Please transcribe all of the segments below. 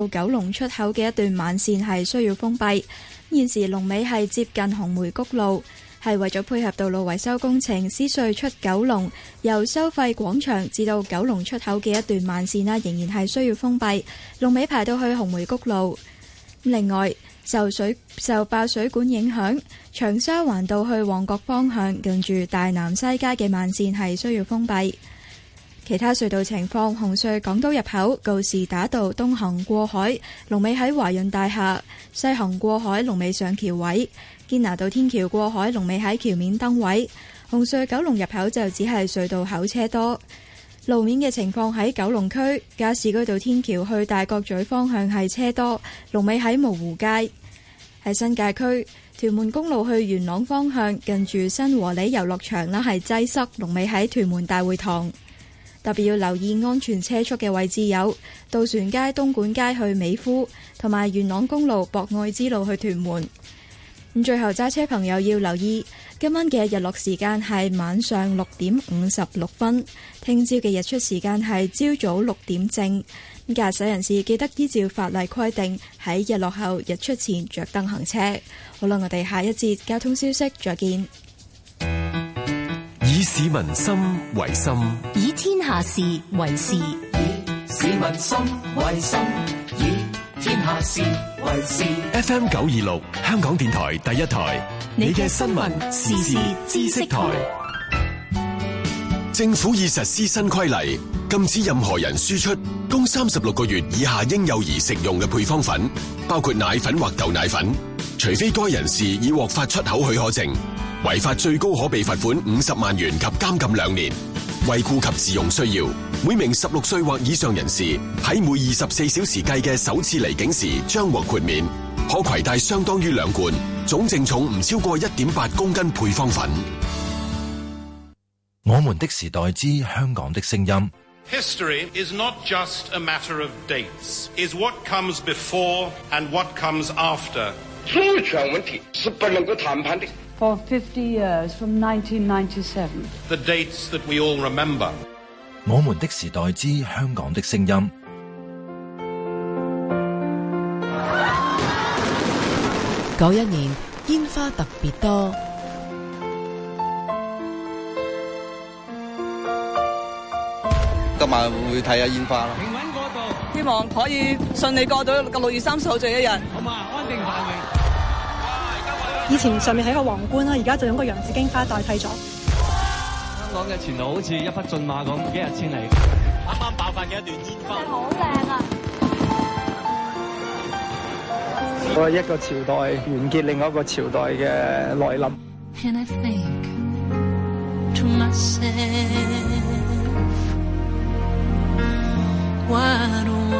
到九龍出口嘅一段慢線係需要封閉，現時龍尾係接近紅梅谷路，係為咗配合道路維修工程，獅隧出九龍由收費廣場至到九龍出口嘅一段慢線仍然係需要封閉，龍尾排到去紅梅谷路。另外，受水受爆水管影響，長沙灣道去旺角方向近住大南西街嘅慢線係需要封閉。其他隧道情況，紅隧港島入口告士打道東行過海龍尾喺華潤大廈；西行過海龍尾上橋位堅拿道天橋過海龍尾喺橋面燈位。紅隧九龍入口就只係隧道口車多，路面嘅情況喺九龍區加士居道天橋去大角咀方向係車多，龍尾喺蕪湖街，喺新界區屯門公路去元朗方向近住新和里遊樂場啦，係擠塞，龍尾喺屯門大會堂。特別要留意安全車速嘅位置有渡船街、東莞街去美孚，同埋元朗公路博愛之路去屯門。咁最後揸車朋友要留意，今晚嘅日落時間係晚上六點五十六分，聽朝嘅日出時間係朝早六點正。駕駛人士記得依照法例規定喺日落後日出前着燈行車。好啦，我哋下一節交通消息再見。以市民心為心，以天下事為事。以市民心為心，以天下事為事。FM 九二六，香港電台第一台，你嘅新聞時事知識台。政府已實施新規例，禁止任何人輸出供三十六個月以下嬰幼兒食用嘅配方粉，包括奶粉或豆奶粉，除非該人士已獲發出口許可證。違法最高可被罰款五十萬元及監禁兩年。為顧及自用需要，每名十六歲或以上人士喺每二十四小時計嘅首次離境時將獲豁免，可攜帶相當於兩罐總淨重唔超過一點八公斤配方粉。我們的時代之香港的聲音。History is not just a matter of dates, is what comes before and what comes after。主權問題是不能夠談判的。我們的時代之香港的聲音。九一、啊、年煙花特別多，今晚會睇下煙花咯。希望可以順利過到六月三十號最後一日人。好嘛，安定以前上面係一個皇冠啦，而家就用個洋紫荊花代替咗。香港嘅前途好似一匹駿馬咁，一日千里。啱啱爆發嘅一段煙花，好靚啊！嗯、我係一個朝代完結，另外一個朝代嘅來臨。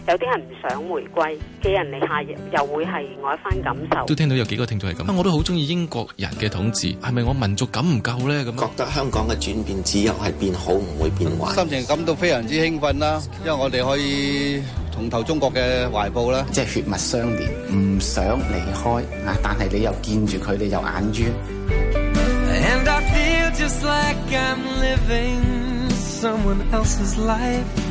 有啲人唔想回歸，寄人籬下又會係我一番感受。都聽到有幾個聽眾係咁、啊，我都好中意英國人嘅統治，係咪我民族感唔夠咧？咁覺得香港嘅轉變只有一係變好，唔會變壞。心情感到非常之興奮啦，因為我哋可以同投中國嘅懷抱啦，即係血脈相連，唔想離開啊！但係你又見住佢，你又眼冤 And I feel just like I'm living someone else's life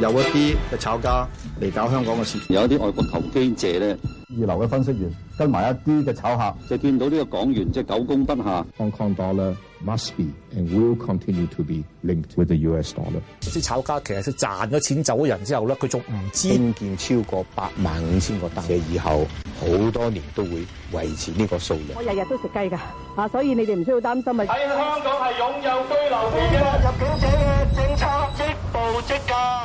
有一啲嘅炒家嚟搞香港嘅事，有一啲外國投機者咧，二流嘅分析員跟埋一啲嘅炒客，就見到呢個港元即係久攻不下。Hong Kong dollar must be and will continue to be linked with the U.S. dollar。啲炒家其實是賺咗錢走咗人之後咧，佢仲唔知興建超過八萬五千個單位，以後好、啊、多年都會維持呢個數量。我日日都食雞噶，啊，所以你哋唔需要擔心啊。喺香港係擁有居留權嘅。多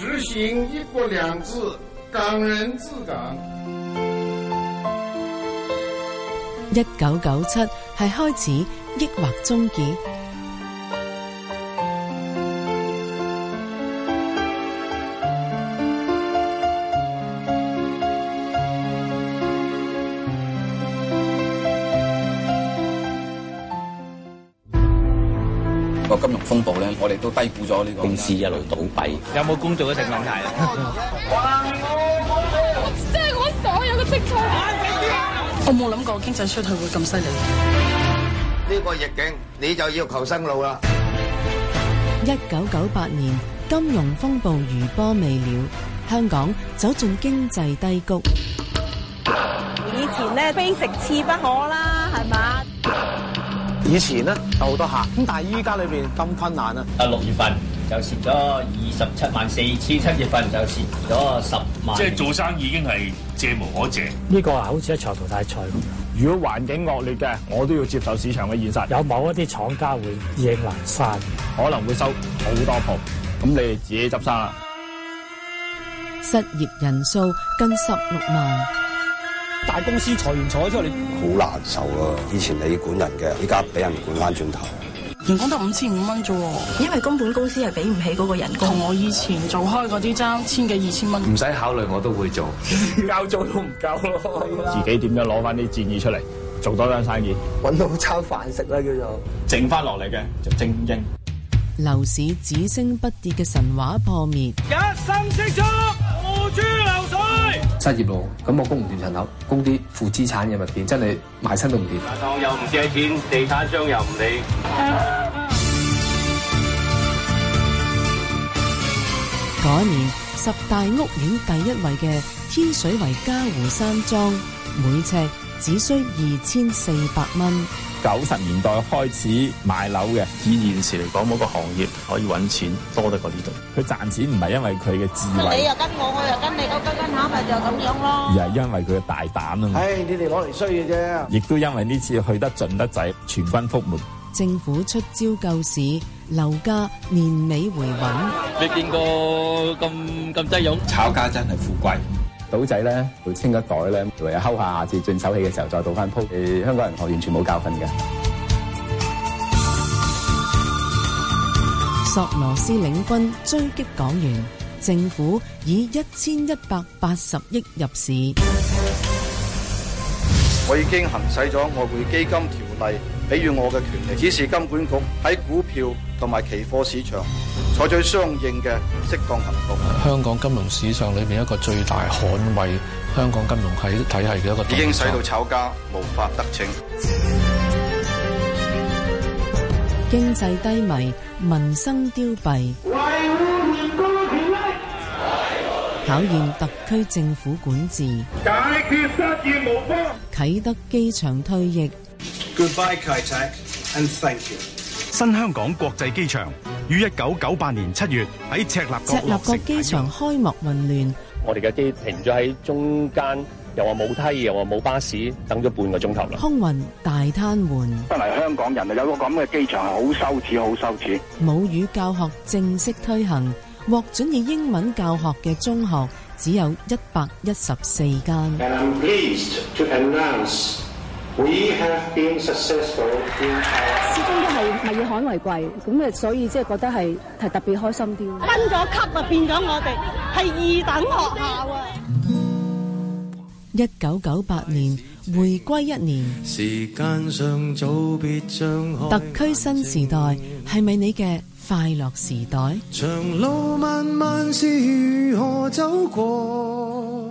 執行一國兩制，港人治港。一九九七，係開始抑或終結？虧負咗呢個公司一路倒閉，有冇工作一定問題啊？我真係我所有嘅積蓄，我冇諗過經濟衰退會咁犀利。呢個逆境，你就要求生路啦。一九九八年金融風暴餘波未了，香港走進經濟低谷。以前咧，非食餈不可啦，係嘛？以前咧有好多客，咁但係依家裏邊咁困難啊！啊六月份就蝕咗二十七萬四千，七月份就蝕咗十萬。即係做生意已經係借無可借，呢個啊好似一場淘汰賽咁。如果環境惡劣嘅，我都要接受市場嘅現實。有某一啲廠家會亦難生，可能會收好多鋪，咁你哋自己執生啦。失業人數近十六萬。大公司裁員裁咗之後，你好難受啊！以前你管人嘅，依家俾人管翻轉頭。員工得五千五蚊啫，因為根本公司係俾唔起嗰個人工。同我以前做開嗰啲爭千幾二千蚊。唔使考慮，我都會做，交 租都唔夠咯。自己點樣攞翻啲戰意出嚟，做多單生意，搵到餐飯食啦，叫做。剩翻落嚟嘅就精英。樓市只升不跌嘅神話破滅。一心積足，無珠流失業咯，咁我供唔掂層樓，供啲負資產嘅物件，真係賣身都唔掂。又唔借錢，地產商又唔理。嗰年十大屋苑第一位嘅天水圍嘉湖山莊，每尺，只需二千四百蚊。九十年代開始買樓嘅，以現時嚟講，冇個行業可以搵錢多得過呢度。佢賺錢唔係因為佢嘅智慧，你又跟我，我又跟你，咁跟跟下咪就咁樣咯。而係因為佢嘅大膽啊嘛。唉，你哋攞嚟衰嘅啫。亦都因為呢次去得盡得滯，全軍覆沒。政府出招救市，樓價年尾回穩。你見過咁咁擠擁？炒家真係富貴。賭仔咧，清一袋咧，唯有敲下下次進手戲嘅時候再倒翻鋪、呃。香港人學完全冇教訓嘅。索羅斯領軍追擊港元，政府以一千一百八十億入市。我已經行使咗外匯基金條例。比如我嘅權利，指示金管局喺股票同埋期貨市場採取相應嘅適當行動。香港金融市場裏面一個最大捍衞香港金融喺體系嘅一個，已經使到炒家無法得逞。經濟低迷，民生凋敝，維護員工權益，考驗特區政府管治，解決失業無方，啟德機場退役。Goodbye，Kai Tak，and thank you。新香港國際機場於一九九八年七月喺赤鱲角機場開幕。混亂，我哋嘅機停咗喺中間，又話冇梯，又話冇巴士，等咗半個鐘頭啦。空運大癱瘓，得嚟香港人啊，有個咁嘅機場係好羞恥，好羞恥。母語教學正式推行，獲准以英文教學嘅中學只有一百一十四間。And I'm pleased to announce。we have been successful till time。始終都係物以罕為貴咁啊，所以即係覺得係係特別開心啲。分咗級啊，變咗我哋係二等學校啊。一九九八年回歸一年時間上早別將特區新時代係咪你嘅快樂時代？長路漫漫是如何走過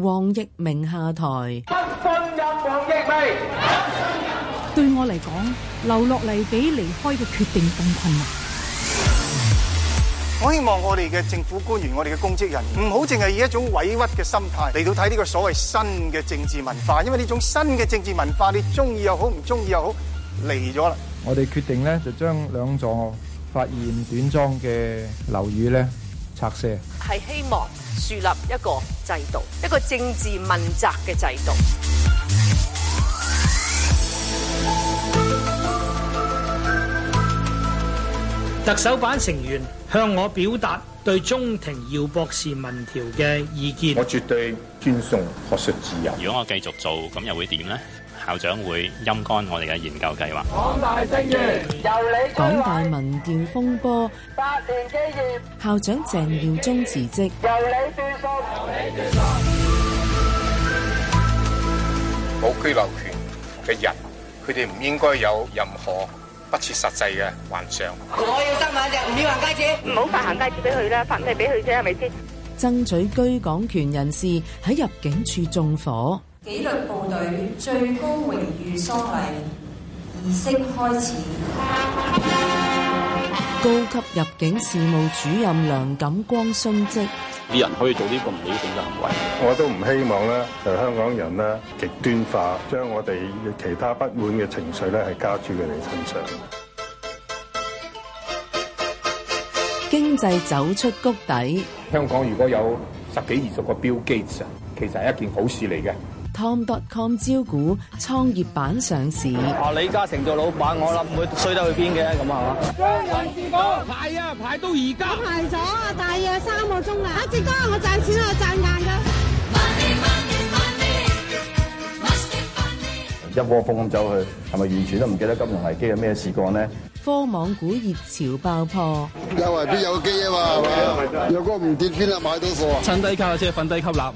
王䓪鳴下台。不信任王䓪鳴。對我嚟講，留落嚟比離開嘅決定更困難。我希望我哋嘅政府官員、我哋嘅公職人員，唔好淨係以一種委屈嘅心態嚟到睇呢個所謂新嘅政治文化，因為呢種新嘅政治文化，你中意又好，唔中意又好，嚟咗啦。我哋決定呢，就將兩座發現短樁嘅樓宇呢拆卸。係希望。樹立一個制度，一個政治問責嘅制度。特首辦成員向我表達對鍾庭耀博士民調嘅意見，我絕對尊重學術自由。如果我繼續做，咁又會點呢？校長會陰乾我哋嘅研究計劃。港大聲譽由你決定。港大民調風波百年基業，校長鄭耀宗辭職。由你算數。冇居留權嘅人，佢哋唔應該有任何不切實際嘅幻想。我要三萬隻，唔要行街紙，唔好發行街紙俾佢啦，發幣俾佢啫，係咪先？爭取居港權人士喺入境處縱火。紀律部隊最高榮譽喪禮儀式開始。高級入境事務主任梁錦光殉職。啲人可以做呢個唔理性嘅行為，我都唔希望咧，就香港人咧極端化，將我哋其他不滿嘅情緒咧係加諸佢哋身上。經濟走出谷底，香港如果有十幾二十個 Bill Gates，其實係一件好事嚟嘅。Tom dot com 招股，創業板上市。啊，李嘉誠做老闆，我諗唔會衰得去邊嘅咁啊！香港人試過排啊排到而家，排咗啊大約三個鐘啊！阿志哥，我賺錢我賺硬噶。一窩蜂咁走去，係咪完全都唔記得金融危機有咩事幹呢？科網股熱潮爆破，有危必有機啊嘛！若果唔跌邊啦，買到貨。趁低吸啊，即係瞓低吸納。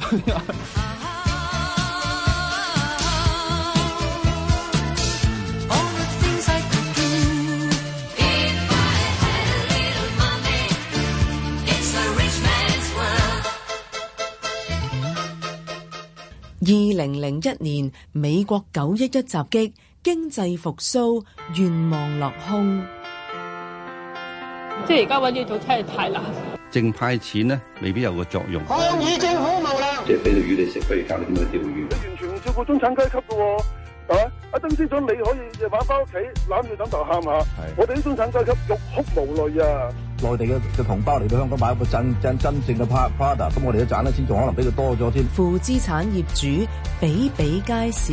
二零零一年美國九一一襲擊，經濟復蘇願望落空。即係而家搵嘢做真係太難了。正派錢咧，未必有個作用。抗議政好無啦！即係俾條魚你食，不如教你點樣釣魚。完全唔照顧中產階級噶，啊，係阿曾司長，你可以夜晚翻屋企攬住枕頭喊下。係。我哋啲中產階級欲哭無淚啊！內地嘅嘅同胞嚟到香港買一個，真真真正嘅 partner，咁我哋都賺得錢，仲可能比佢多咗添。負資產業主比比皆是。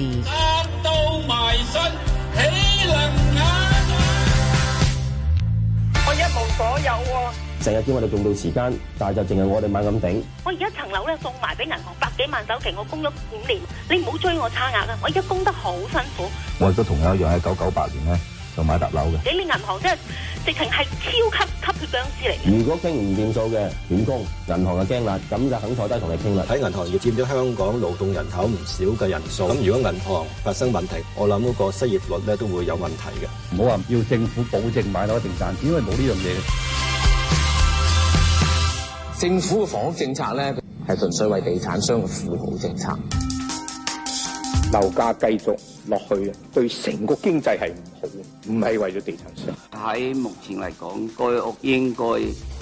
我一無所有喎、啊，成日叫我哋用到時間，但係就淨係我哋買咁頂。我而家層樓咧送埋俾銀行百幾萬首期，我供咗五年，你唔好追我差額啦！我而家供得好辛苦。我亦都同樣一樣喺九九八年咧。就買搭樓嘅，你哋銀行真係直情係超級吸血殭屍嚟。如果傾唔掂數嘅，斷供，銀行就驚喇，咁就肯坐低同你傾啦。睇銀行要佔咗香港勞動人口唔少嘅人數，咁如果銀行發生問題，我諗嗰個失業率咧都會有問題嘅。唔好話要政府保證買樓定賺，因為冇呢樣嘢。政府嘅房屋政策咧，係純粹為地產商嘅富豪政策。樓價繼續落去，對成個經濟係唔好，唔係為咗地產商。喺目前嚟講，居屋應該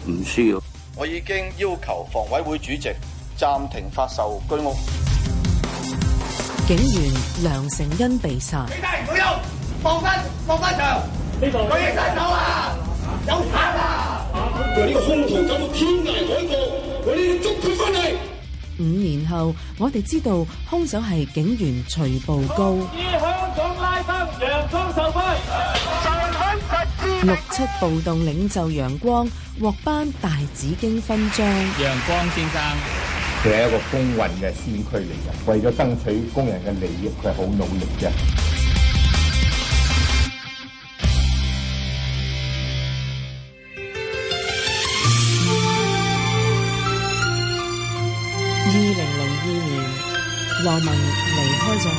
唔需要！我已經要求房委會主席暫停發售居屋。警員梁成恩被殺。你得唔得要？放翻，放翻場。呢度有嘢伸手啊！有殺啊！由呢個兇徒走到天涯海角，我哋要捉佢翻嚟。五年後，我哋知道凶手係警員徐步高。以香港拉登陽光受勳，六七暴動領袖陽光獲頒大紫荊勳章。陽光先生，佢係一個工運嘅先驅嚟嘅，為咗爭取工人嘅利益，佢係好努力嘅。浪問離開咗我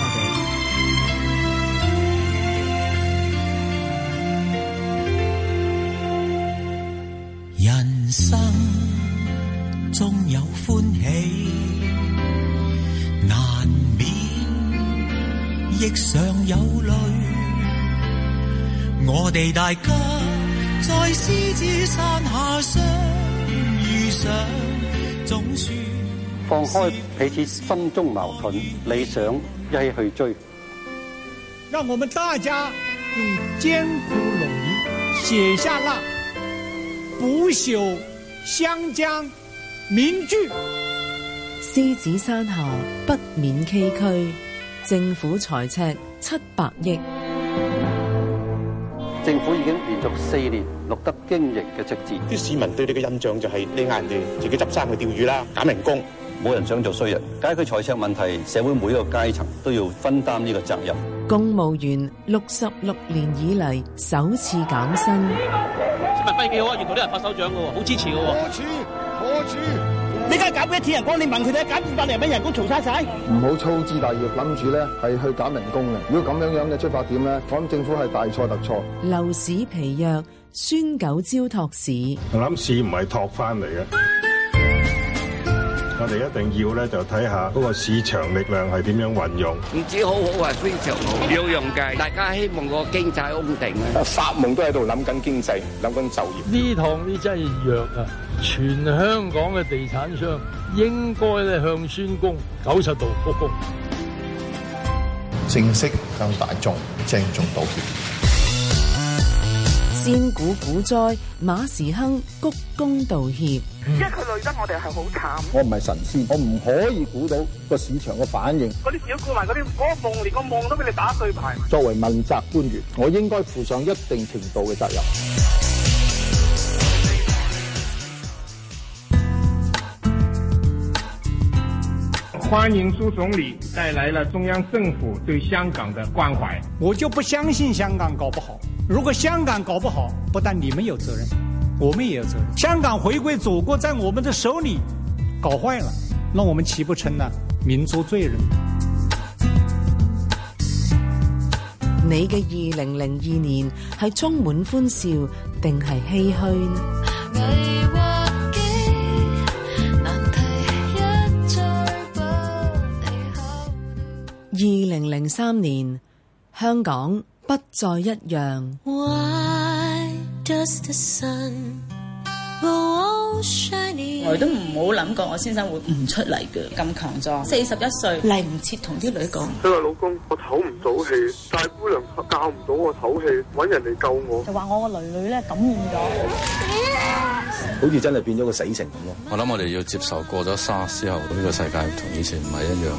哋，人生中有歡喜，難免亦上有淚。我哋大家在獅子山下相遇上，總算放開。彼此心中矛盾，理想一起去追。讓我們大家用艱苦努力寫下那不朽香江名句。獅子山下不免崎嶇，政府財赤七百億。政府已經連續四年錄得經營嘅赤字。啲市民對你嘅印象就係、是，你嗌人哋自己執生去釣魚啦，減人工。冇人想做衰人，解決財赤問題，社會每一個階層都要分擔呢個責任。公務員六十六年以嚟首次減薪，市民反應幾好啊！沿途都有人拍手掌嘅喎，好支持嘅喎。可恥？可恥？你而家減幾多人工？你問佢哋啊，減五百零蚊人工，嘈晒曬！唔好粗枝大葉，諗住咧係去減人工嘅。如果咁樣樣嘅出發點咧，我諗政府係大錯特錯。樓市疲弱，孫九招托市，我諗市唔係托翻嚟嘅。我哋一定要咧，就睇下嗰個市場力量係點樣運用。唔知好好啊，非常好，要用嘅。大家希望個經濟安定啊！發夢都喺度諗緊經濟，諗緊就業。呢趟呢真係弱啊！全香港嘅地產商應該咧向孫公九十度鞠躬，正式向大眾鄭重道歉。仙股股災，馬時亨鞠躬道歉，因為佢累得我哋係好慘。我唔係神仙，我唔可以估到個市場嘅反應。嗰啲小股民嗰啲，嗰個夢連個夢都俾你打碎埋。作為問責官員，我應該負上一定程度嘅責任。歡迎朱總理帶來了中央政府對香港的關懷。我就不相信香港搞不好。如果香港搞不好，不但你們有責任，我們也有責任。香港回歸祖國在我們的手裏搞壞了，那我們豈不成了民族罪人？你嘅二零零二年係充滿歡笑定係唏噓呢？二零零三年，香港不再一樣。我哋都唔好諗過，我先生會唔出嚟嘅，咁強壯，四十一歲嚟唔切同啲女講。佢話：老公，我唞唔到氣，大姑娘教唔到我唞氣，搵人嚟救我。就話我個女女咧感染咗，好似真係變咗個死城咁咯。我諗我哋要接受過咗沙士之後，咁呢個世界同以前唔係一樣。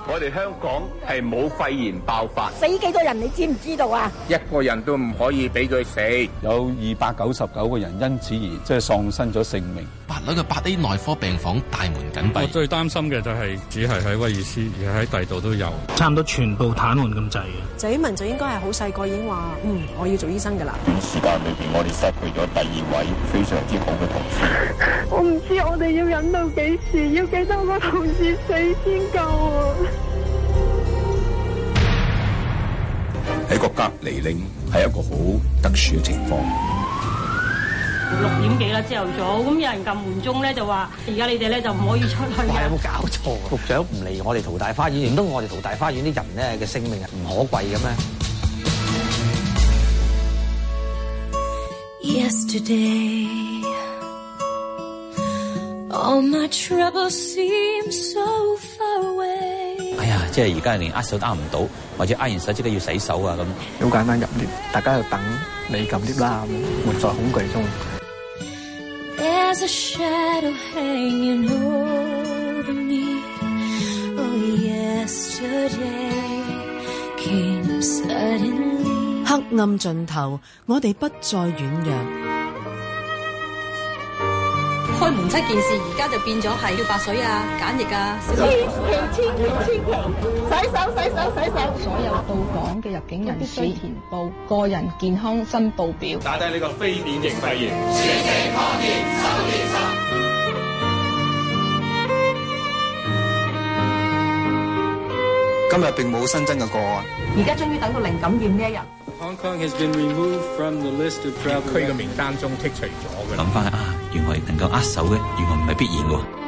我哋香港係冇肺炎爆發，死幾個人你知唔知道啊？一個人都唔可以俾佢死，有二百九十九個人因此而即係喪生咗性命。八樓嘅八 A 內科病房大門緊閉。我最擔心嘅就係只係喺威爾斯，而喺第度都有，差唔多全部癱瘓咁滯。鄭醫文就應該係好細個已經話：，嗯，我要做醫生噶啦。短時間裏邊，我哋失去咗第二位非常之好嘅同事。我唔知我哋要忍到幾時，要幾多個同事死先夠啊！喺個隔離令係一個好特殊嘅情況。六點幾啦朝頭早，咁有人撳門鐘咧就話：而家你哋咧就唔可以出去。哇！有冇搞錯啊？局長唔嚟我哋淘大花園，唔通我哋淘大花園啲人咧嘅性命係唔可貴嘅咩？Yesterday, all my troubles seem so far away. 哎呀，即係而家連握手都握唔到，或者握完手即刻要洗手啊咁，好簡單入啲，大家就等你撳啲啦，活在恐懼中。黑暗盡頭，我哋不再軟弱。開門七件事，而家就變咗係要白水啊、簡易啊。千祈千祈千祈，洗手洗手洗手。所有到港嘅入境人必須填報個人健康申報表，打低呢個非典型肺炎。全祈抗疫守原則。今日並冇新增嘅個案。而家終於等到零感染呢一日。香港喺被從區嘅名單中剔除咗嘅。諗翻起啊，原來能夠握手嘅，原來唔係必然嘅。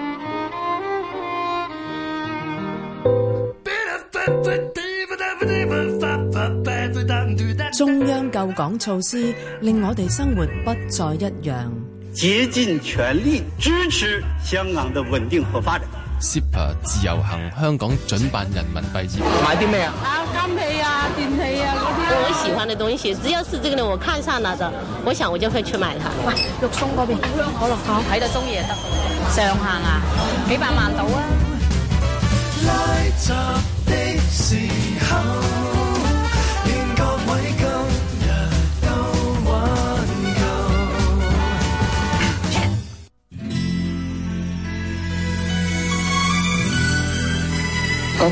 中央救港措施令我哋生活不再一樣。竭盡全力支持香港嘅穩定和發展。s u 自由行香港准辦人民幣業買啲咩啊？啊，金器啊，電器啊嗰啲。我喜歡的東西，只要是這個呢，我看上啦的我想我就會去買它。喂、啊，肉鬆嗰邊，好、啊、香口落口，睇、啊、到中意就得。上限啊，幾百萬到啊。的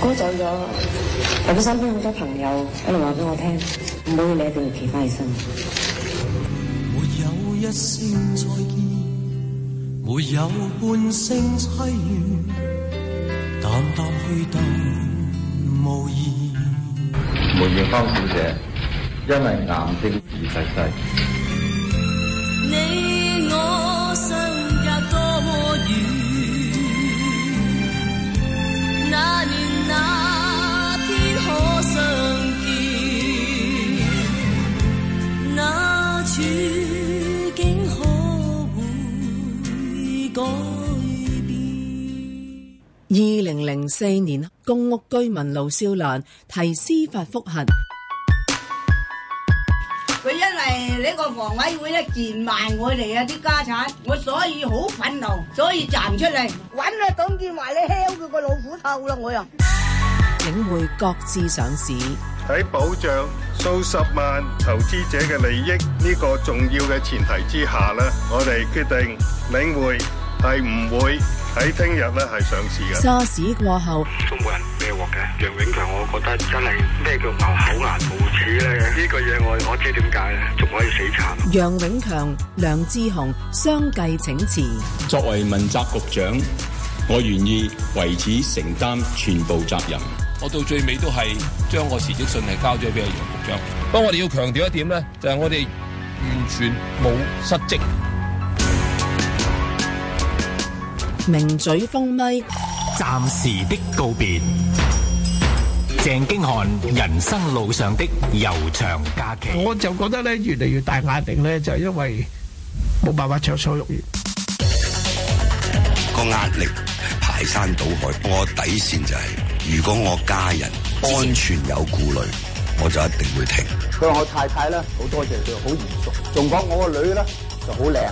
哥走咗，我哋身邊好多朋友一路話俾我聽，唔好要你哋企翻起身。沒有一聲再見，沒有半聲悽怨，淡淡去等無言。梅豔芳小姐，因為癌症而逝世。你我相隔多麼遠，那年。二零零四年，公屋居民盧少蘭提司法覆核佢因為呢個房委會咧賤賣我哋啊啲家產，我所以好憤怒，所以站出嚟搵啊董建華咧敲佢個老虎頭咯，我又。領匯擱置上市，喺保障數十萬投資者嘅利益呢個重要嘅前提之下咧，我哋決定領匯。係唔會喺聽日咧，係上市嘅。沙士過後，仲冇人孭鑊嘅？楊永強，我覺得真係咩叫厚顏無恥咧？呢、啊這個嘢我我知點解咧？仲可以死慘。楊永強、梁志雄相繼請辭。作為問責局長，我願意為此承擔全部責任。我到最尾都係將個辭職信係交咗俾阿楊局長。不過我哋要強調一點咧，就係、是、我哋完全冇失職。名嘴封咪，暫時的告別。鄭經翰，人生路上的悠長假期。我就覺得咧，越嚟越大壓力咧，就係因為冇辦法暢所欲言。那個壓力排山倒海。我底線就係、是，如果我家人安全有顧慮，我就一定會停。佢話，我太太咧，好多謝佢好嚴肅，仲講我個女咧就好靚。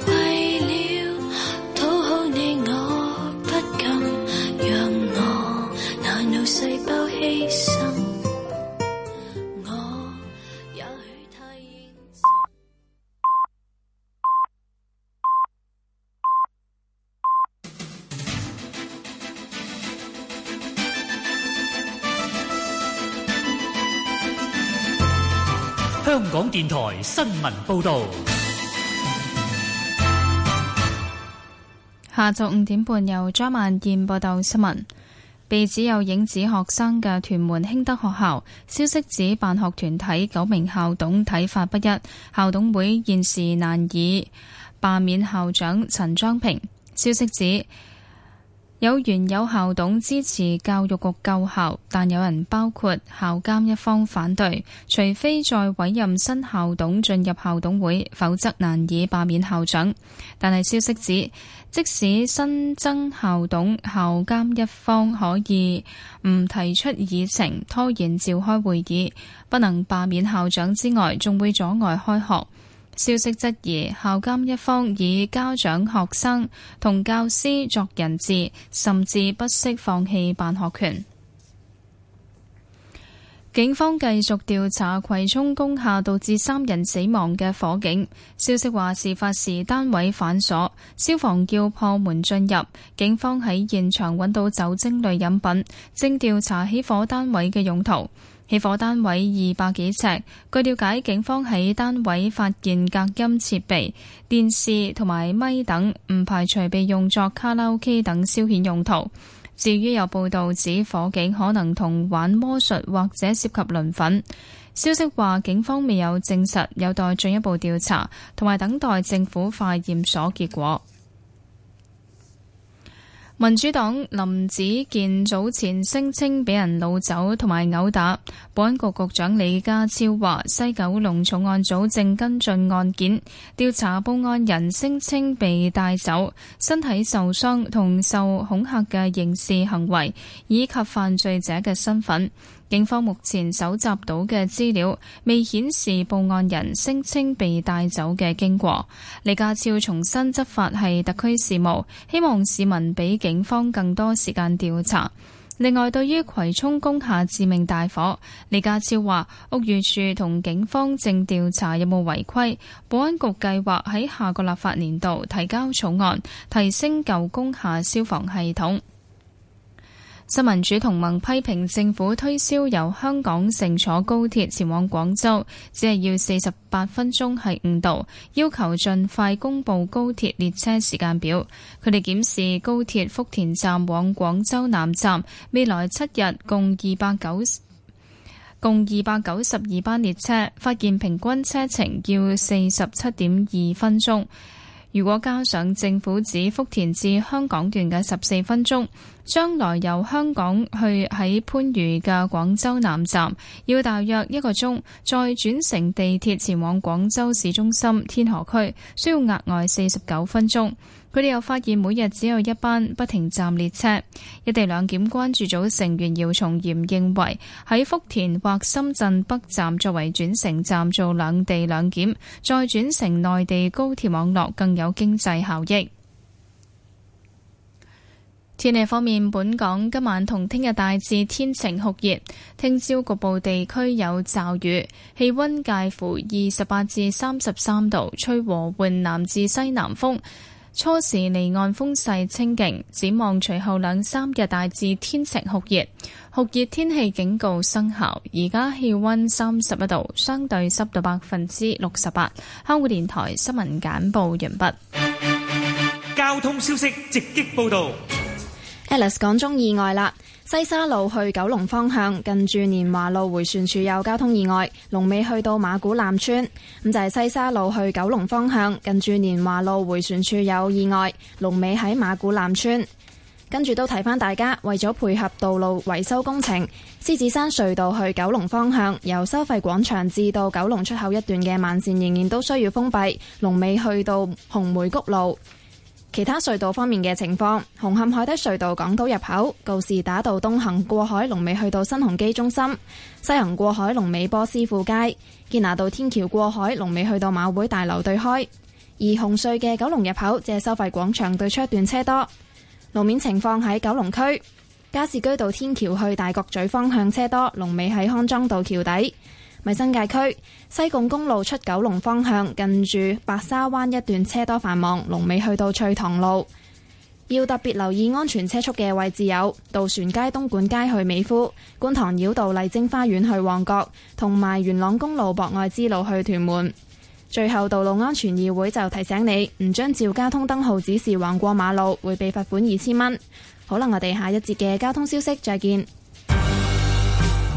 新聞報道。下晝五點半，由張萬健報道新聞。被指有影子學生嘅屯門興德學校，消息指辦學團體九名校董睇法不一，校董會現時難以罷免校長陳章平。消息指。有原有校董支持教育局救校，但有人包括校監一方反對，除非再委任新校董進入校董會，否則難以罷免校長。但係消息指，即使新增校董校監一方可以唔提出議程，拖延召開會議，不能罷免校長之外，仲會阻礙開學。消息質疑校監一方以家長、學生同教師作人質，甚至不惜放棄辦學權。警方繼續調查葵涌工廈導致三人死亡嘅火警。消息話，事發時單位反鎖，消防叫破門進入。警方喺現場揾到酒精類飲品，正調查起火單位嘅用途。起火單位二百幾尺，據了解，警方喺單位發現隔音設備、電視同埋咪等，唔排除被用作卡拉 OK 等消遣用途。至於有報道指火警可能同玩魔術或者涉及輪粉，消息話警方未有證實，有待進一步調查同埋等待政府化驗所結果。民主黨林子健早前聲稱俾人擄走同埋毆打，保安局局長李家超話西九龍重案組正跟進案件，調查報案人聲稱被帶走、身體受傷同受恐嚇嘅刑事行為以及犯罪者嘅身份。警方目前搜集到嘅資料未顯示報案人聲稱被帶走嘅經過，李家超重新執法係特區事務，希望市民俾警方更多時間調查。另外，對於葵涌工廈致命大火，李家超話屋宇署同警方正調查有冇違規。保安局計劃喺下個立法年度提交草案，提升舊工廈消防系統。新民主同盟批評政府推銷由香港乘坐高鐵前往廣州，只係要四十八分鐘，係誤導。要求盡快公布高鐵列車時間表。佢哋檢視高鐵福田站往廣州南站未來七日共二百九共二百九十二班列車，發現平均車程要四十七點二分鐘。如果加上政府指福田至香港段嘅十四分鐘。將來由香港去喺番禺嘅廣州南站要大約一個鐘，再轉乘地鐵前往廣州市中心天河區，需要額外四十九分鐘。佢哋又發現每日只有一班不停站列車。一地兩檢關注組成員姚松炎認為，喺福田或深圳北站作為轉乘站做兩地兩檢，再轉乘內地高鐵網絡更有經濟效益。天氣方面，本港今晚同聽日大致天晴酷熱，聽朝局部地區有驟雨，氣溫介乎二十八至三十三度，吹和緩南至西南風，初時離岸風勢清勁。展望隨後兩三日大致天晴酷熱，酷熱天氣警告生效。而家氣溫三十一度，相對濕度百分之六十八。香港電台新聞簡報完畢。交通消息直擊報道。Alice 講中意外啦，西沙路去九龍方向近住年華路回旋處有交通意外，龍尾去到馬古南村。咁就係、是、西沙路去九龍方向近住年華路回旋處有意外，龍尾喺馬古南村。跟住都提返大家，為咗配合道路維修工程，獅子山隧道去九龍方向由收費廣場至到九龍出口一段嘅慢線仍然都需要封閉，龍尾去到紅梅谷路。其他隧道方面嘅情況，紅磡海底隧道港島入口告士打道東行過海龍尾去到新鴻基中心；西行過海龍尾波斯富街。堅拿道天橋過海龍尾去到馬會大樓對開。而紅隧嘅九龍入口，借收費廣場對出一段車多。路面情況喺九龍區，加士居道天橋去大角咀方向車多，龍尾喺康莊道橋底。米新界區西貢公路出九龍方向，近住白沙灣一段車多繁忙，龍尾去到翠塘路。要特別留意安全車速嘅位置有：渡船街、東莞街去美孚、觀塘繞道麗晶花園去旺角，同埋元朗公路博愛之路去屯門。最後道路安全議會就提醒你，唔將照交通燈號指示橫過馬路，會被罰款二千蚊。好啦，我哋下一節嘅交通消息再見。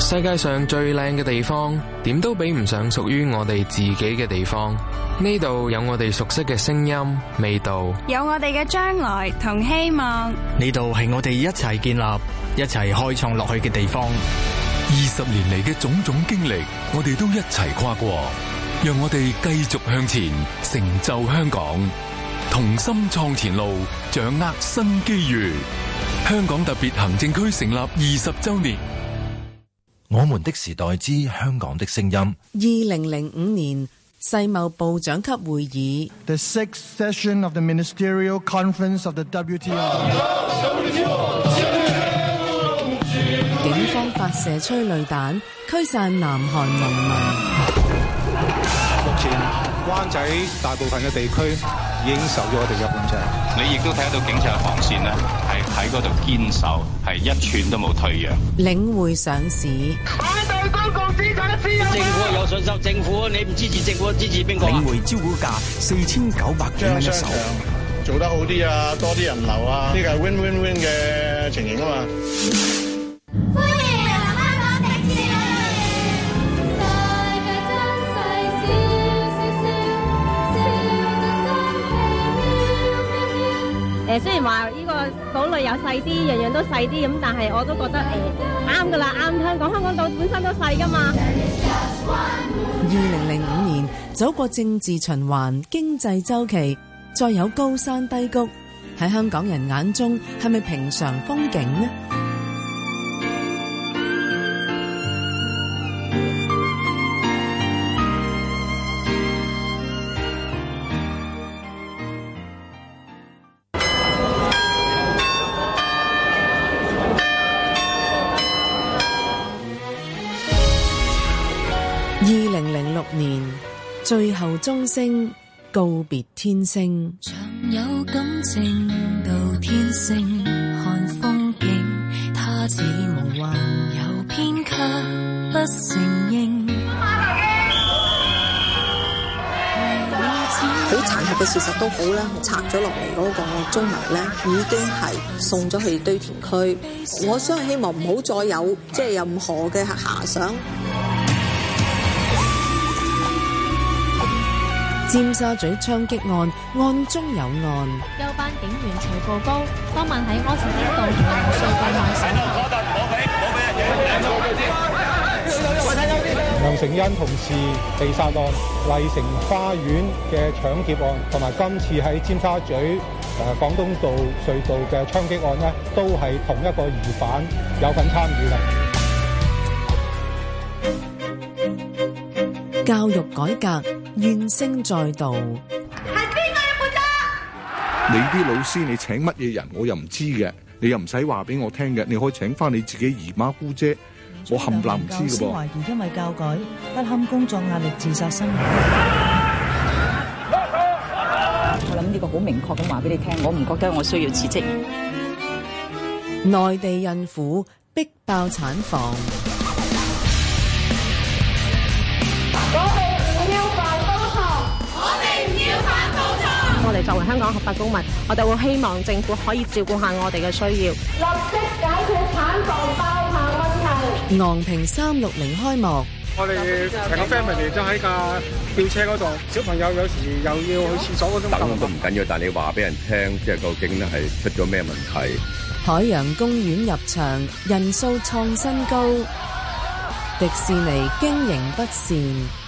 世界上最靚嘅地方，點都比唔上屬於我哋自己嘅地方。呢度有我哋熟悉嘅聲音、味道，有我哋嘅將來同希望。呢度係我哋一齊建立、一齊開創落去嘅地方。二十年嚟嘅種種經歷，我哋都一齊跨過。讓我哋繼續向前，成就香港，同心創前路，掌握新機遇。香港特別行政區成立二十周年。我們的時代之香港的聲音。二零零五年世貿部長級會議。The sixth session of the Ministerial Conference of the WTO。警方發射催淚彈驅散南韓農民。目前灣仔大部分嘅地區，已經受咗我哋嘅本長，你亦都睇得到警察嘅防線咧，係喺嗰度堅守，係一寸都冇退讓。領匯上市，反對公共資產資、啊、政府有信心，政府你唔支持政府支持邊個啊？領匯招股價四千九百幾蚊一手，做得好啲啊，多啲人流啊，呢、這個係 win win win 嘅情形啊嘛。啊誒，雖然話呢個島內有細啲，樣樣都細啲咁，但係我都覺得誒啱噶啦，啱香港，香港島本身都細噶嘛。二零零五年走過政治循環、經濟周期，再有高山低谷，喺香港人眼中係咪平常風景呢？最後鐘聲告別天星，長有感情到天星看風景，他似夢幻有偏卻不承認。好、啊、殘、啊啊、酷嘅事實都好啦，拆咗落嚟嗰個鐘樓咧，已經係送咗去堆填區。我相係希望唔好再有即係任何嘅遐想。尖沙咀槍擊案案中有案，休班警員徐步高，當晚喺安慈公路隧道內死亡。梁成恩同事被殺案、麗城花園嘅搶劫案，同埋今次喺尖沙咀誒、啊、廣東道隧道嘅槍擊案呢，都係同一個疑犯有份參與嘅。教育改革。怨聲載道，係邊個要負責？你啲老師，你請乜嘢人，我又唔知嘅，你又唔使話俾我聽嘅，你可以請翻你自己姨媽姑姐。我冚唪唥唔知嘅噃。有教師懷疑因為教改不堪工作壓力自殺身亡。我諗呢個好明確咁話俾你聽，我唔覺得我需要辭職。內地孕婦逼爆產房。作為香港合法公民，我哋會希望政府可以照顧下我哋嘅需要。立即解決產房爆棚問題。昂坪三六零開幕。我哋成個 family 都喺架吊車嗰度，小朋友有時又要去廁所嗰種等都唔緊要，但係你話俾人聽，即係究竟咧係出咗咩問題？海洋公園入場人數創新高。啊啊，迪士尼經營不善。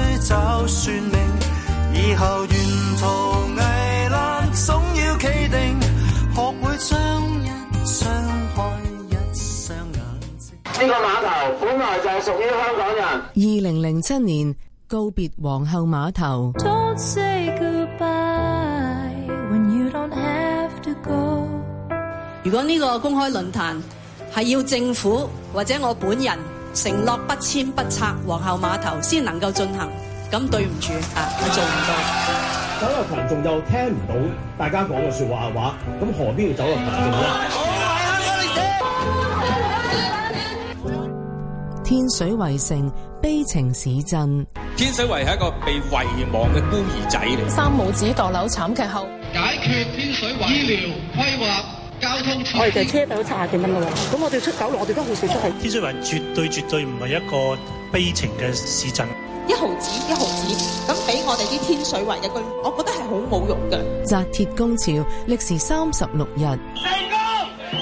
呢個碼頭本來就係屬於香港人。二零零七年告別皇后碼頭。Don't say goodbye when you don't have to go. 如果呢個公開論壇係要政府或者我本人承諾不遷不拆皇后碼頭，先能夠進行。咁對唔住、嗯、啊，你做唔到。走入群眾又聽唔到大家講嘅說話嘅話，咁何必要走入群眾咧？天水圍城悲情市鎮，天水圍係一個被遺忘嘅孤兒仔嚟。三母子墮樓慘劇後，解決天水圍醫療規劃交通。我哋就車到都七十幾蚊嘅喎。咁我哋出九龍，我哋都好少出去。天水圍絕對絕對唔係一個悲情嘅市鎮。一毫子一毫子，咁俾我哋啲天水圍嘅居民，我覺得係好冇用嘅。紮鐵工潮歷時三十六日，成功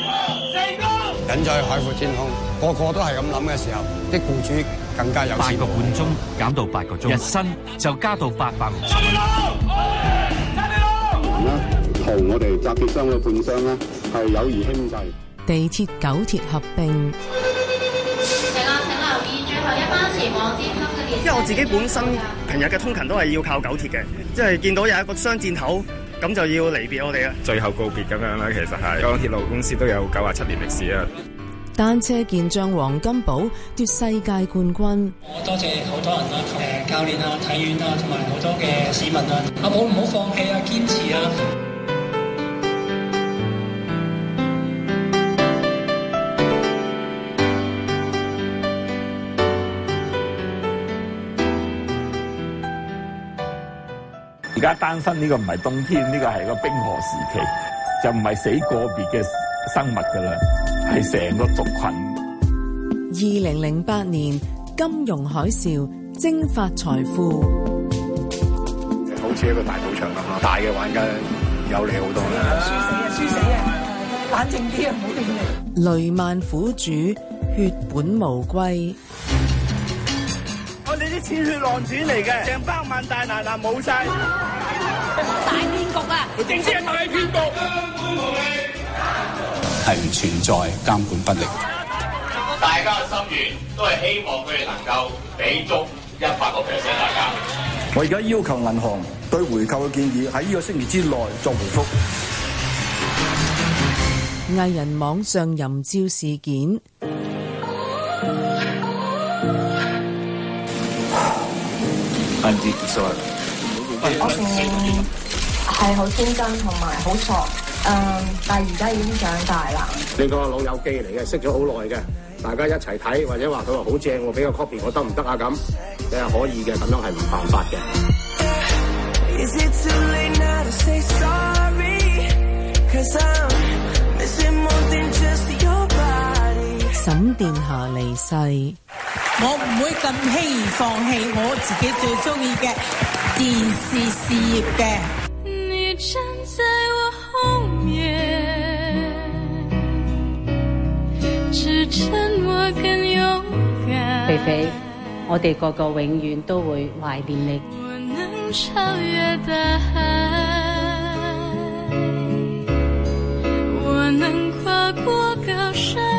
成功。梗係海闊天空，個個都係咁諗嘅時候，啲僱主更加有錢。八個半鐘減到八個鐘，日薪就加到八百。順利啦，同、哦哦、我哋紮鐵商嘅判商啦，係友誼兄弟。地鐵九鐵合併。因為我自己本身平日嘅通勤都係要靠九鐵嘅，即係見到有一個雙箭頭，咁就要離別我哋啦。最後告別咁樣啦，其實係九鐵路公司都有九十七年歷史啊！單車健將黃金寶奪世界冠軍，我多謝好多人啊，誒教練啊、體院啊，同埋好多嘅市民啊，阿寶唔好放棄啊，堅持啊！而家擔心呢個唔係冬天，呢個係個冰河時期，就唔係死個別嘅生物噶啦，係成個族群。二零零八年金融海嘯蒸發財富，好似一個大賭場咁啊！大嘅玩家有利好多啦。輸死啊！輸死啊！冷靜啲啊！唔好亂嚟。雷曼苦主血本無歸。血狼錢嚟嘅，成百萬大難難冇晒，大騙局啊！淨知係大騙局，監係唔存在監管不力。大家嘅心願都係希望佢哋能夠俾足一百個 percent，大家。我而家要求銀行對回購嘅建議喺呢個星期之內作回覆。藝人網上淫照事件。我算係好天真同埋好傻，但係而家已經長大啦。呢個老友記嚟嘅，識咗好耐嘅，大家一齊睇或者話佢，話好正，我俾個 copy 我得唔得啊？咁你係可以嘅，咁樣係唔犯法嘅。沈殿霞離世。我唔會咁輕易放棄我自己最中意嘅電視事業嘅。你站在我後面，只襯我更勇敢，肥肥，我哋個個永遠都會懷念你。我能超越大海，我能跨過高山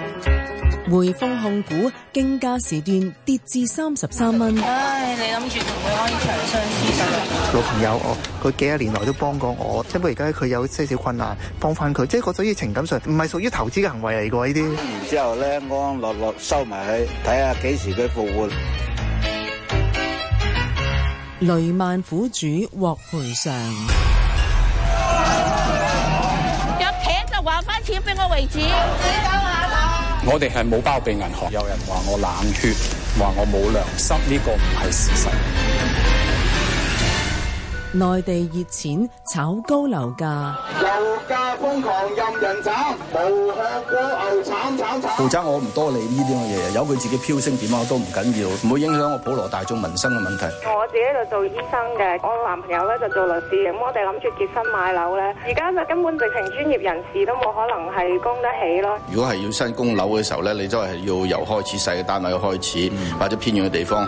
匯豐控股競價時段跌至三十三蚊。唉，你諗住同佢可以長相思老朋友我，我佢幾多年來都幫過我，因為而家佢有些少困難，幫翻佢，即係嗰種屬於情感上，唔係屬於投資嘅行為嚟噶呢啲。然、嗯、之後咧，安安樂樂收埋佢，睇下幾時佢復活。雷曼苦主獲賠償。有企就還翻錢俾我為止。啊啊啊啊我哋係冇包庇銀行，有人話我冷血，話我冇良心，呢個唔係事實。內地熱錢炒高樓價，樓價瘋狂任人炒，無殼蝸牛慘慘慘。負責我唔多理呢啲咁嘅嘢，有佢自己飄升點啊都唔緊要，唔會影響我普羅大眾民生嘅問題。我自己就做醫生嘅，我男朋友咧就做律師，咁我哋諗住結婚買樓咧，而家就根本直情專業人士都冇可能係供得起咯。如果係要新供樓嘅時候咧，你都係要由開始細嘅單位開始，或者偏遠嘅地方。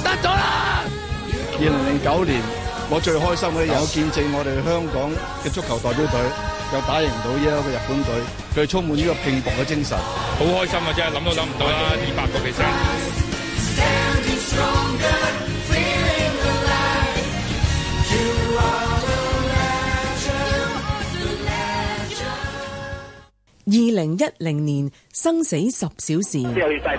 得咗啦！二零零九年，我最開心嘅有見證我哋香港嘅足球代表隊又打贏到呢一個日本隊，佢哋充滿呢個拼搏嘅精神，好開心啊！真係諗都諗唔到啦，二百個 percent。二零一零年生死十小時。佢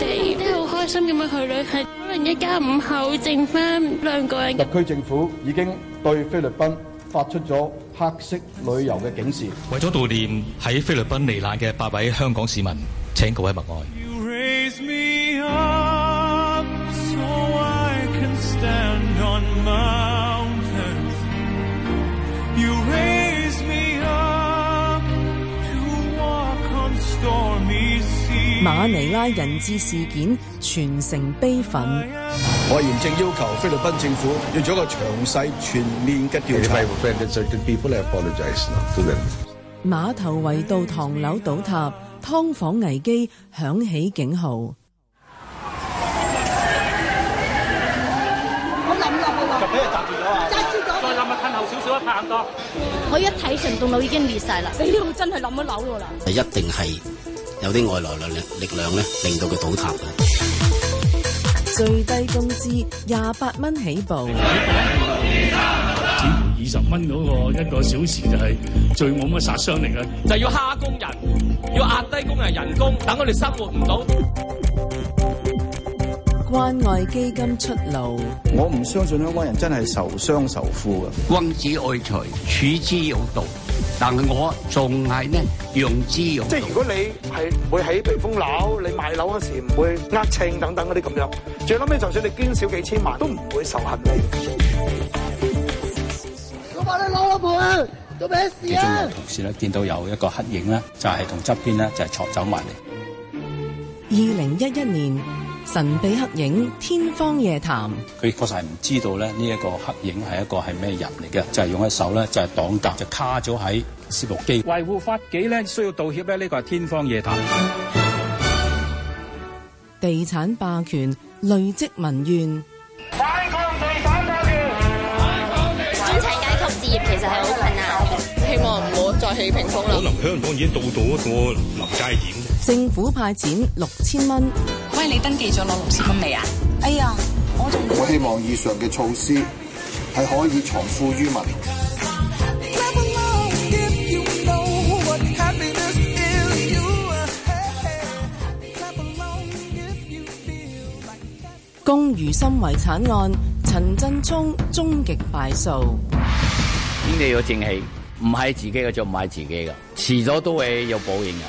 哋都好開心咁去旅行，可能一家五口剩翻兩個人。特區政府已經對菲律賓發出咗黑色旅遊嘅警示。為咗悼念喺菲律賓罹難嘅八位香港市民，請各位默哀。馬尼拉人質事件，全城悲憤。我嚴正要求菲律賓政府要做一個詳細全面嘅調查。馬頭圍道唐樓倒塌，劏房危機響起警號。少少一撐多，我一睇成棟樓已經裂晒啦！呢度真係冧咗樓㗎啦！係一定係有啲外來力量力量咧，令到佢倒塌。最低工資廿八蚊起步，只付二十蚊嗰個一個小時就係最冇乜殺傷力啦！就係要蝦工人，要壓低工人人工，等我哋生活唔到。關愛基金出爐，我唔相信香港人真係受傷受苦啊，君子愛財，取之有道。但係我仲係呢，用之有道。即係如果你係會起避風樓，你賣樓嗰時唔會呃秤等等嗰啲咁樣。最後尾，就算你捐少幾千萬，都唔會仇恨你。老話你攞老婆，做咩事、啊、其中一個同事咧，見到有一個黑影咧，就係同側邊咧就係、是、坐走埋嚟。二零一一年。神秘黑影，天方夜譚。佢、嗯、確實係唔知道咧，呢一個黑影係一個係咩人嚟嘅，就係、是、用一手咧，就係擋格，就卡咗喺攝錄機。維護法紀咧，需要道歉咧，呢、這個係天方夜譚。地產霸權累積民怨，反抗地產霸權，反抗地產霸權。中產階級置業其實係好困難，希望唔好再起屏風。可能香港已經到到一個臨界點。政府派錢六千蚊，喂，你登記咗攞六千蚊未啊？哎呀，我仲我希望以上嘅措施係可以藏富於民。龔如心遺產案，陳振聰終、終極敗訴。你哋要正氣，唔係自己嘅就唔係自己嘅。遲咗都會有報應啊！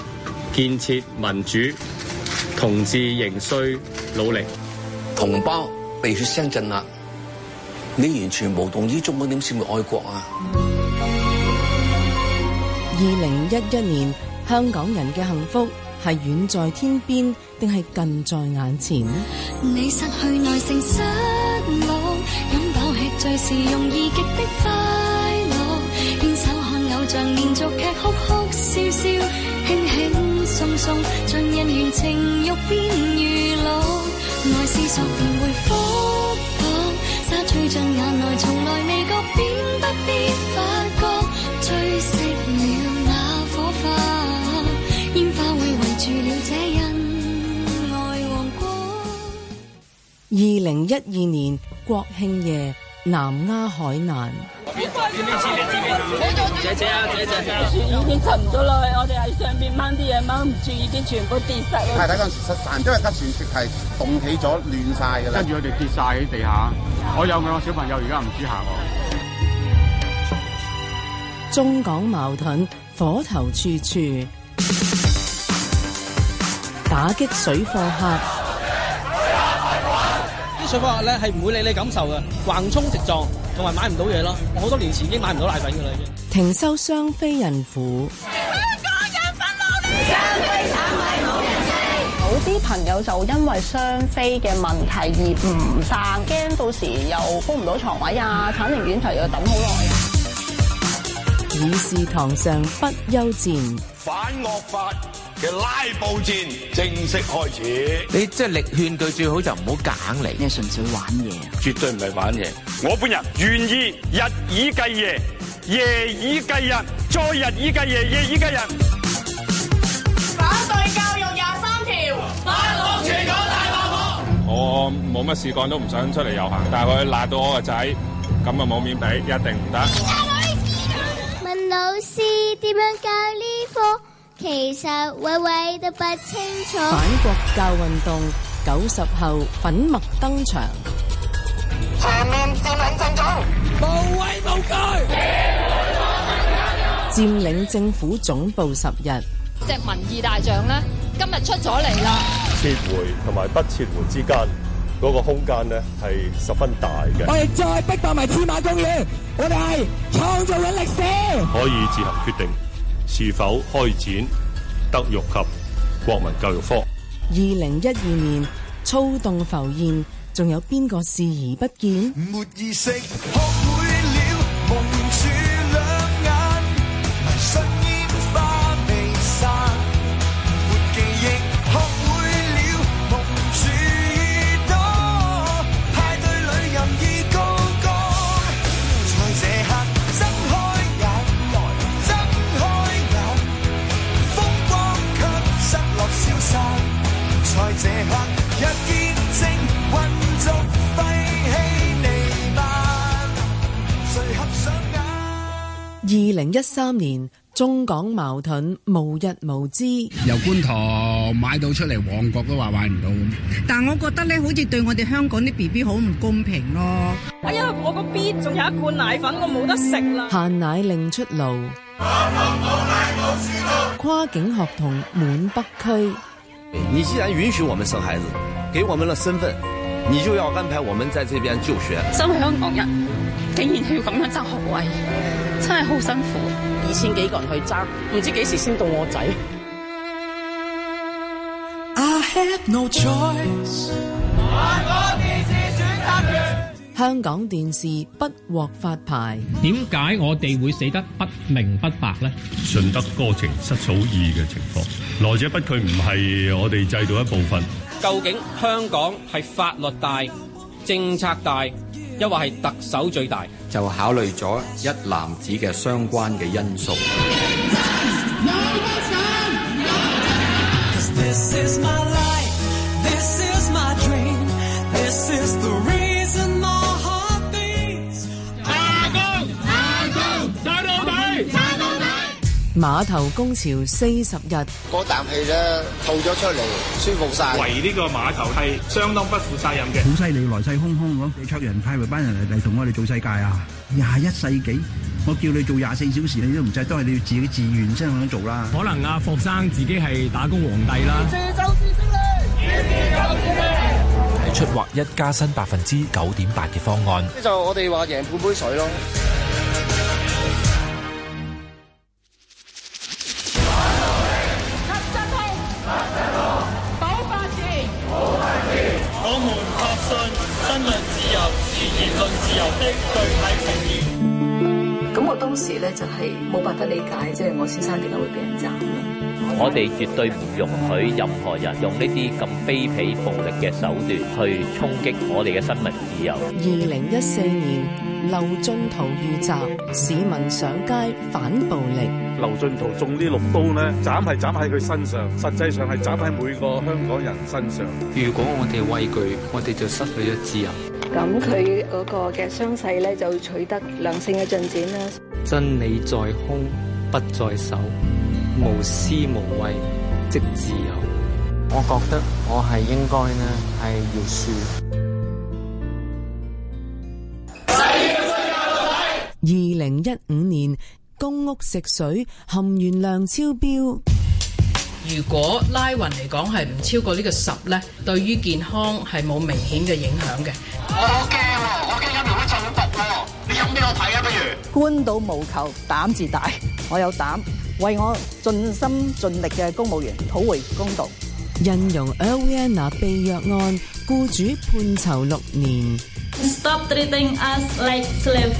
建設民主，同志仍需努力。同胞被血腥鎮壓，你完全無動於衷，我點算咪愛國啊？二零一一年，香港人嘅幸福係遠在天邊定係近在眼前？你失去耐性失落擁抱容易的快樂，偶像連續劇哭哭笑笑，慶慶二零一二年國慶夜。南丫海難，姐姐啊姐姐，船已經沉咗落去，我哋喺上邊掹啲嘢掹唔住，已經全部跌晒啦。係，睇嗰陣時失散，因為吉船直係動起咗，亂晒噶啦，跟住我哋跌晒喺地下。我有嘅，我小朋友而家唔知行個。中港矛盾火頭處處，打擊水貨客。啲水貨客咧係唔會理你感受嘅，橫衝直撞，同埋買唔到嘢咯。好多年前已經買唔到奶粉㗎啦，已經停收雙飛孕婦。香港人憤怒，雙飛產位冇人爭。有啲朋友就因為雙飛嘅問題而唔散，驚到時又鋪唔到床位啊，產前檢查要等好耐。以示堂上不休戰，反惡法。嘅拉布戰正式開始，你即係力勸佢最好就唔好硬嚟，因為純粹玩嘢、啊，絕對唔係玩嘢。我本人願意日以繼夜，夜以繼日，再日以繼夜，夜以繼日。反對教育廿三條，反共全港大罷課。我冇乜事幹都唔想出嚟遊行，但係佢賴到我個仔，咁啊冇面俾，一定唔得。問老師點樣教呢科？其實偉偉都不清楚。反國教運動九十後粉墨登場，革命就能政府無畏無懼。佔領政府總部十日，隻民意大將咧，今日出咗嚟啦。撤回同埋不撤回之間，嗰個空間咧係十分大嘅。我哋再逼爆埋添馬公園，我哋係創造緊歷史。可以自行決定。是否開展德育及國民教育科？二零一二年操動浮現，仲有邊個視而不見？沒意識一三年中港矛盾無日無之，由觀塘買到出嚟旺角都話買唔到。但係我覺得咧，好似對我哋香港啲 B B 好唔公平咯、啊。哎呀，我個 B 仲有一罐奶粉，我冇得食啦。限奶令出爐，跨境學童滿北區。你既然允許我們生孩子，給我們了身份，你就要安排我們在這邊就學。身為香港人，竟然要咁樣爭學位。真係好辛苦，二千幾個人去爭，唔知幾時先到我仔、no。香港電視不獲發牌，點解我哋會死得不明不白呢？順得哥情失嫂意嘅情況，來者不拒唔係我哋制度一部分。究竟香港係法律大、政策大？因為係特首最大，就考慮咗一男子嘅相關嘅因素。碼頭工潮四十日，嗰啖氣咧吐咗出嚟，舒服晒。圍呢個碼頭係相當不負責任嘅，好犀利，來勢洶洶。我你出人派埋班人嚟嚟同我哋做世界啊！廿一世紀，我叫你做廿四小時，你都唔制，都係你要自己自願先肯做啦。可能阿霍生自己係打工皇帝啦。自自自自自自出劃一加薪百分之九點八嘅方案，就我哋話贏半杯水咯。即係我先生點解會俾人斬？我哋絕對唔容許任何人用呢啲咁卑鄙暴力嘅手段去衝擊我哋嘅新聞自由。二零一四年劉進圖遇襲，市民上街反暴力。劉進圖中呢六刀咧，斬係斬喺佢身上，實際上係斬喺每個香港人身上。如果我哋畏懼，我哋就失去咗自由。咁佢嗰個嘅傷勢咧，就取得良性嘅進展啦。真理在胸，不在手，無私無畏即自由。我覺得我係應該呢係要輸。二零一五年公屋食水含鉛量超標。如果拉勻嚟講係唔超過呢個十呢，對於健康係冇明顯嘅影響嘅。俾我睇啊？不如官到無求膽自大，我有膽為我盡心盡力嘅公務員討回公道。印傭 Erwiana 被虐案雇主判囚六年。Stop treating us like slaves。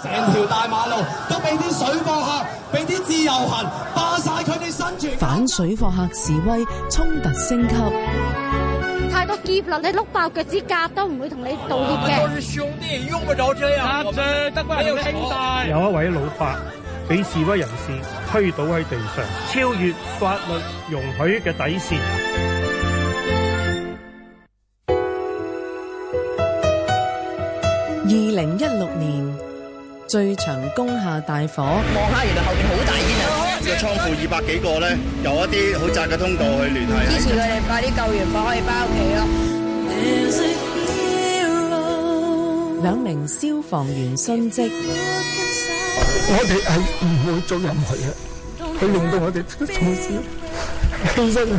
成條大馬路都俾啲水貨客，俾啲自由行霸晒佢哋生存。反水貨客示威衝突升級。個結論你碌爆腳趾甲都唔會同你道歉嘅。都係兄弟，用唔到這樣，冇得怪你。有一位老伯畀示威人士推倒喺地上，超越法律容許嘅底線。二零一六年最長工廈大火，望下原來後邊好大煙個倉庫二百幾個咧，有一啲好窄嘅通道去聯繫。之前佢哋快啲救援，可以翻屋企咯。兩名消防員殉職，我哋係唔會做任何嘢，去令到我哋同事犧牲。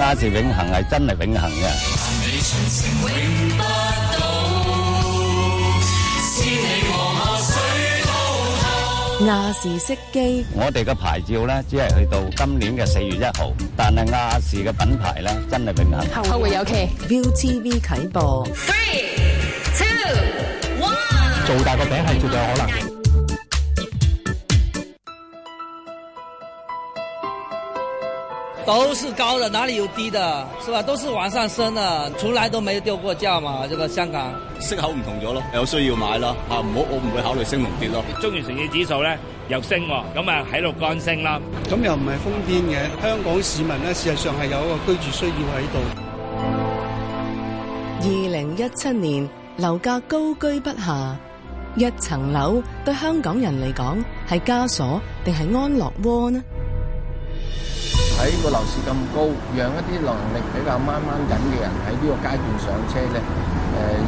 嗱是永恆，係真係永恆嘅。亞視熄機，我哋嘅牌照咧，只係去到今年嘅四月一號，但係亞視嘅品牌咧，真係永恆。後會有期，ViuTV 啟播。Three, two, one。做大個餅係絕對有可能。都是高的，哪裏有低的，是吧？都是往上升啊，從來都沒有掉過價嘛。這個香港，息口唔同咗咯，有需要買咯，吓，唔好，我唔會考慮升龍跌咯。中原城市指數咧又升，咁啊喺度乾升啦。咁又唔係瘋癲嘅，香港市民咧事實上係有一個居住需要喺度。二零一七年樓價高居不下，一層樓對香港人嚟講係枷鎖定係安樂窩呢？喺個樓市咁高，讓一啲能力比較掹掹緊嘅人喺呢個階段上車咧，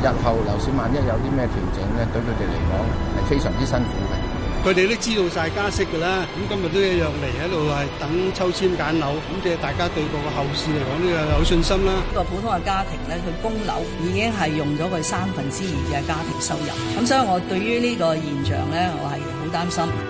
誒，日後樓市萬一有啲咩調整咧，對佢哋嚟講係非常之辛苦嘅。佢哋都知道曬加息㗎啦，咁今日都一樣嚟喺度係等抽籤揀樓，咁即係大家對個後市嚟講咧又有信心啦。呢個普通嘅家庭咧，佢供樓已經係用咗佢三分之二嘅家庭收入，咁所以我對於呢個現象咧，我係好擔心。